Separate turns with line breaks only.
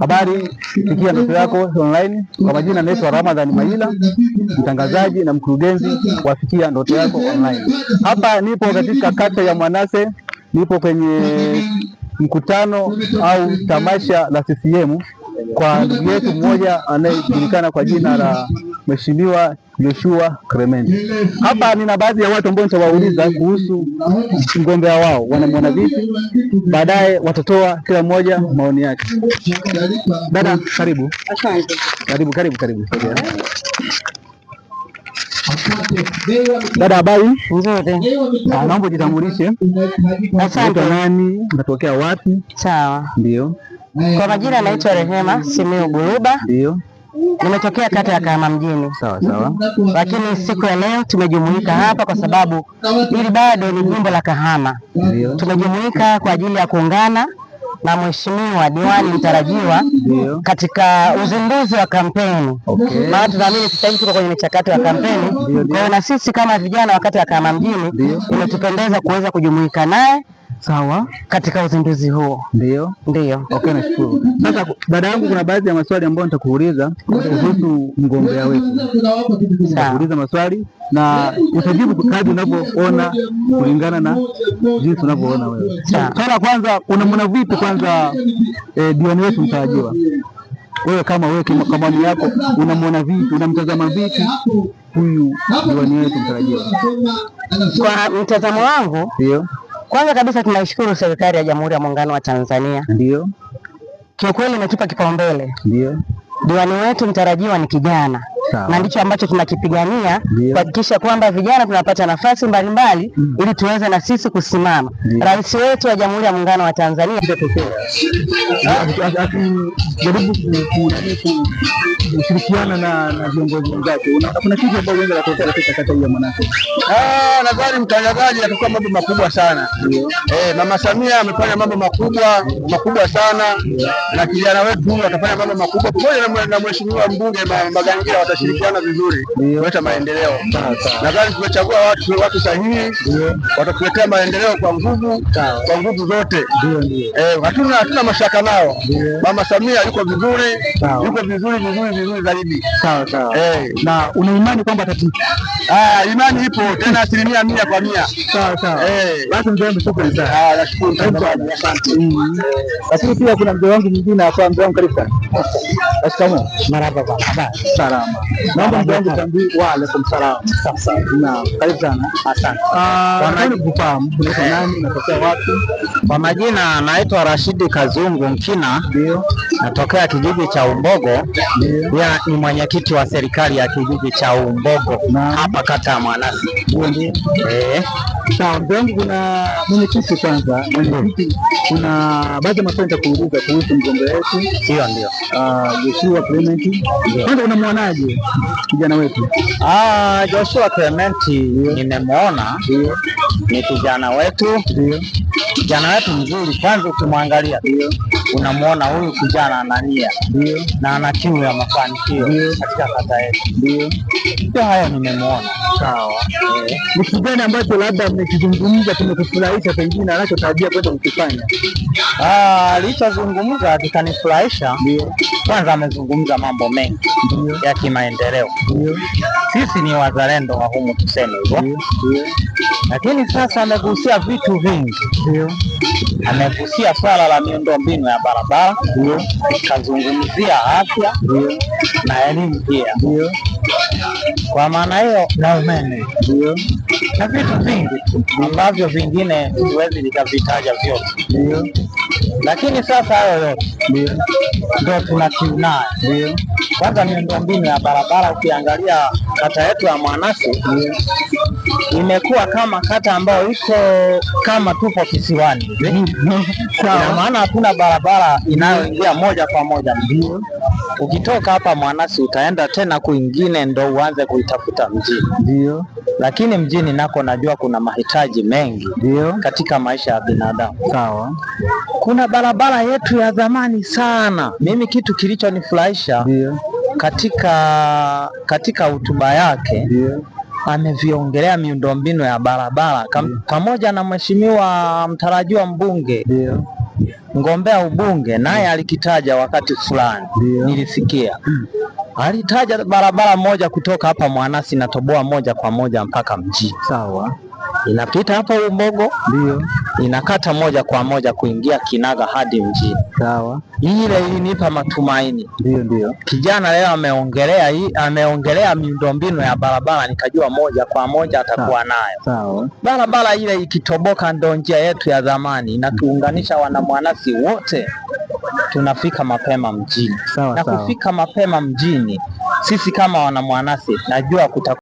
Habari fikia ndoto yako online. Kwa majina naitwa Ramadhani Maila, mtangazaji na mkurugenzi wa fikia ndoto yako online. Hapa nipo katika kata ya Mwanase, nipo kwenye mkutano au tamasha la CCM kwa ndugu yetu mmoja anayejulikana kwa jina la Mheshimiwa Yeshua Kremendi. Hapa nina baadhi ya watu ambao nitawauliza kuhusu mgombea wao wanamwona vipi, baadaye watatoa kila mmoja maoni yake. Dada, karibu. Asante. Karibu, karibu, karibu. Dada, habari
nzuri.
Ah, naomba ujitambulishe. Asante. Nani, unatokea wapi? Sawa. Ndio.
Kwa majina anaitwa Rehema Simeo Buruba. Ndio. Nimetokea kata ya Kahama mjini. Sawa sawa. Lakini siku ya leo tumejumuika hapa kwa sababu hili bado ni jimbo la Kahama. Tumejumuika kwa ajili ya kuungana na mheshimiwa diwani mtarajiwa katika uzinduzi wa kampeni okay. Maana tunaamini sasa hivi tuko kwenye michakato ya kampeni, kwa hiyo na sisi kama vijana wa kata ya Kahama mjini imetupendeza kuweza kujumuika naye Sawa, katika uzinduzi huo ndio ndio. Okay,
nashukuru. Sasa baada yangu kuna baadhi ya maswali ambayo nitakuuliza kuhusu mgombea wetu, nitakuuliza maswali na utajibu kadri unavyoona kulingana na jinsi unavyoona wewe. Sasa la kwanza, unamwona vipi kwanza eh, diwani wetu mtarajiwa? Wewe kama wewe kama kamani yako unamwona vipi, unamtazama vipi huyu diwani wetu mtarajiwa?
Kwa mtazamo wangu ndio kwanza kabisa tunaishukuru serikali ya Jamhuri ya Muungano wa Tanzania. Ndio. Kiukweli imetupa kipaumbele. Ndio. Diwani wetu mtarajiwa ni kijana na ndicho ambacho tunakipigania kuhakikisha kwamba vijana tunapata nafasi mbalimbali mm. ili tuweze na sisi kusimama. Rais wetu wa Jamhuri ya Muungano wa Tanzania
akijaribu kushirikiana na viongozi wenzake, kuna kitu ambacho unaweza kutokea kata hiyo Mwanako.
Ah, nadhani mtangazaji atakuwa mambo makubwa sana. Eh, Mama Samia amefanya mambo makubwa makubwa sana na kijana wetu atafanya mambo makubwa pamoja na mheshimiwa mbunge Magangira tutashirikiana vizuri kuleta maendeleo. Nadhani tumechagua watu watu sahihi, watatuletea maendeleo kwa nguvu kwa nguvu zote. Eh, hatuna hatuna mashaka nao. Mama Samia yuko vizuri, yuko vizuri vizuri vizuri zaidi. Eh.
Na una imani kwamba tati,
ah, imani ipo tena asilimia mia kwa mia. Sawa sawa. Eh. Basi
mzee wangu, shukrani sana.
Ah, asante. Mm.
Lakini pia kuna mzee wangu mwingine hapa, mzee wangu, karibu sana. Shikamoo.
Marhaba baba. Salama.
Naomba wa alaikum Sasa na karibu sana, asante. Ah, nani, natokea wapi?
Kwa majina naitwa Rashidi Kazungu Nkina, ndio natokea kijiji cha Umbogo, pia ni mwenyekiti wa serikali ya kijiji cha Umbogo hapa kata ya Mwanasi. Eh,
sawa kuna mwenyekiti kwanza,
mwenyekiti
kuna baadhi ya maswali nitakuuliza kuhusu wetu, ndio ah, Joshua Clement, ndio kijana wetu?
Ah, Joshua Clementi nimemwona, ni kijana wetu, kijana wetu mzuri. Kwanza ukimwangalia unamwona huyu kijana anania, ndio na ana kiu ya mafanikio katika kata yetu, ndio haya nimemwona. Sawa, eh.
ni kijana ambacho labda mmekizungumza kimekufurahisha, pengine anachotarajia kwenda kukifanya?
Ah, alichozungumza kikanifurahisha kwanza amezungumza mambo mengi ya kimaendeleo. Sisi ni wazalendo wa humu, tuseme hivyo, lakini sasa amegusia vitu vingi. Amegusia swala la miundombinu ya barabara, kazungumzia afya na elimu pia, kwa maana hiyo na umeme na vitu vingi ambavyo vingine siwezi nikavitaja
vyote
lakini sasa hayo yote ndio tunakiunayo. Kwanza miundombinu ya barabara, ukiangalia kata yetu ya Mwanasi imekuwa kama kata ambayo iko kama tupo kisiwani, ina maana hakuna barabara inayoingia moja kwa moja mjini. Ukitoka hapa Mwanasi utaenda tena kwingine, ndo uanze kuitafuta mjini, ndio lakini mjini nako najua kuna mahitaji mengi
ndio katika
maisha ya binadamu. Sawa. Kuna barabara yetu ya zamani sana. Mimi kitu kilichonifurahisha katika katika hotuba yake ameviongelea miundombinu ya barabara pamoja na mheshimiwa mtarajiwa mbunge Dio. Ngombea ubunge naye alikitaja wakati fulani nilisikia hmm. Alitaja barabara moja kutoka hapa Mwanasi na toboa moja kwa moja mpaka mjini. Sawa inapita hapa Umogo, ndio inakata moja kwa moja kuingia Kinaga hadi mjini. Sawa, ile ilinipa matumaini. Ndio, ndio kijana leo ameongelea hii, ameongelea miundombinu ya barabara, nikajua moja kwa moja atakuwa nayo. Sawa, barabara ile ikitoboka, ndo njia yetu ya zamani, inatuunganisha wanamwanasi wote tunafika mapema mjini sawa, na sawa. Kufika mapema mjini sisi kama wanamwanasi najua kuta